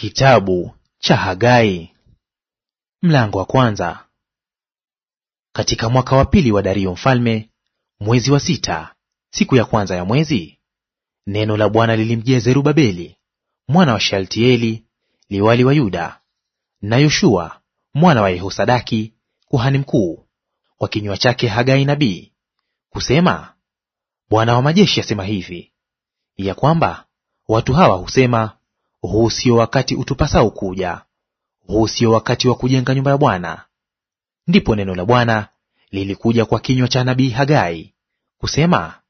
Kitabu cha Hagai mlango wa kwanza. Katika mwaka wa pili wa Dario mfalme, mwezi wa sita, siku ya kwanza ya mwezi, neno la Bwana lilimjia Zerubabeli mwana wa Shaltieli liwali wa Yuda na Yoshua mwana wa Yehosadaki kuhani mkuu kwa kinywa chake Hagai nabii kusema, Bwana wa majeshi asema hivi ya kwamba watu hawa husema huu sio wakati utupasao kuja, huu sio wakati wa kujenga nyumba ya Bwana. Ndipo neno la Bwana lilikuja kwa kinywa cha nabii Hagai kusema,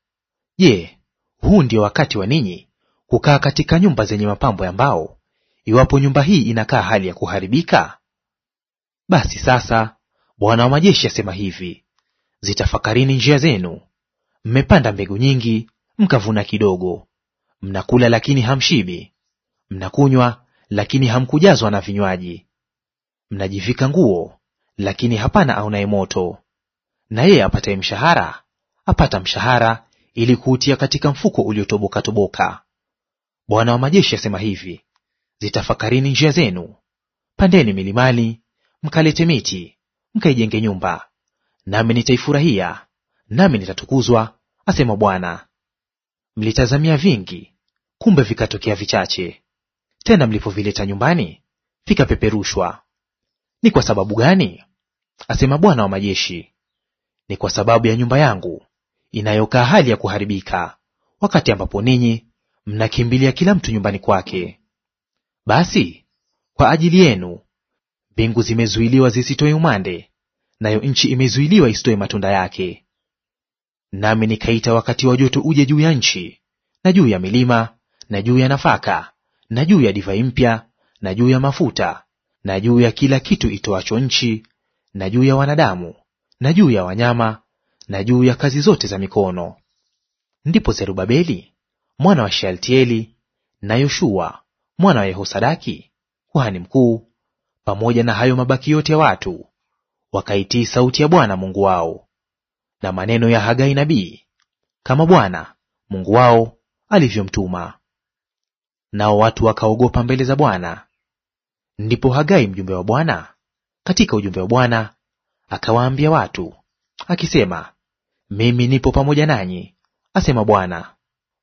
Je, huu ndio wakati wa ninyi kukaa katika nyumba zenye mapambo ya mbao, iwapo nyumba hii inakaa hali ya kuharibika? Basi sasa Bwana wa majeshi asema hivi, zitafakarini njia zenu. Mmepanda mbegu nyingi, mkavuna kidogo; mnakula lakini hamshibi, Mnakunywa, lakini hamkujazwa na vinywaji; mnajivika nguo, lakini hapana aunaye moto. Na yeye apataye mshahara apata mshahara ili kuutia katika mfuko uliotoboka-toboka. Bwana wa majeshi asema hivi: zitafakarini njia zenu. Pandeni milimani, mkalete miti, mkaijenge nyumba, nami nitaifurahia, nami nitatukuzwa, asema Bwana. Mlitazamia vingi, kumbe vikatokea vichache; tena mlipovileta nyumbani vikapeperushwa. Ni kwa sababu gani? asema Bwana wa majeshi. Ni kwa sababu ya nyumba yangu inayokaa hali ya kuharibika, wakati ambapo ninyi mnakimbilia kila mtu nyumbani kwake. Basi kwa ajili yenu mbingu zimezuiliwa zisitoe umande, nayo nchi imezuiliwa isitoe matunda yake. Nami nikaita wakati wa joto uje juu ya nchi na juu ya milima na juu ya nafaka na juu ya divai mpya na juu ya mafuta na juu ya kila kitu itoacho nchi na juu ya wanadamu na juu ya wanyama na juu ya kazi zote za mikono. Ndipo Zerubabeli mwana wa Shealtieli na Yoshua mwana wa Yehosadaki kuhani mkuu pamoja na hayo mabaki yote ya watu wakaitii sauti ya Bwana Mungu wao na maneno ya Hagai nabii, kama Bwana Mungu wao alivyomtuma nao watu wakaogopa mbele za Bwana. Ndipo Hagai mjumbe wa Bwana katika ujumbe wa Bwana akawaambia watu akisema, mimi nipo pamoja nanyi, asema Bwana.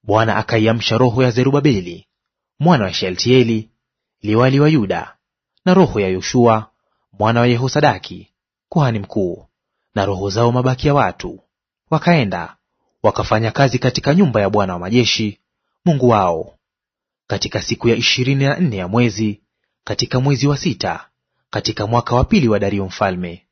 Bwana akaiamsha roho ya Zerubabeli mwana wa Shealtieli liwali wa Yuda, na roho ya Yoshua mwana wa Yehosadaki kuhani mkuu, na roho zao mabaki ya watu, wakaenda wakafanya kazi katika nyumba ya Bwana wa majeshi Mungu wao katika siku ya ishirini na nne ya mwezi, katika mwezi wa sita, katika mwaka wa pili wa Dario mfalme.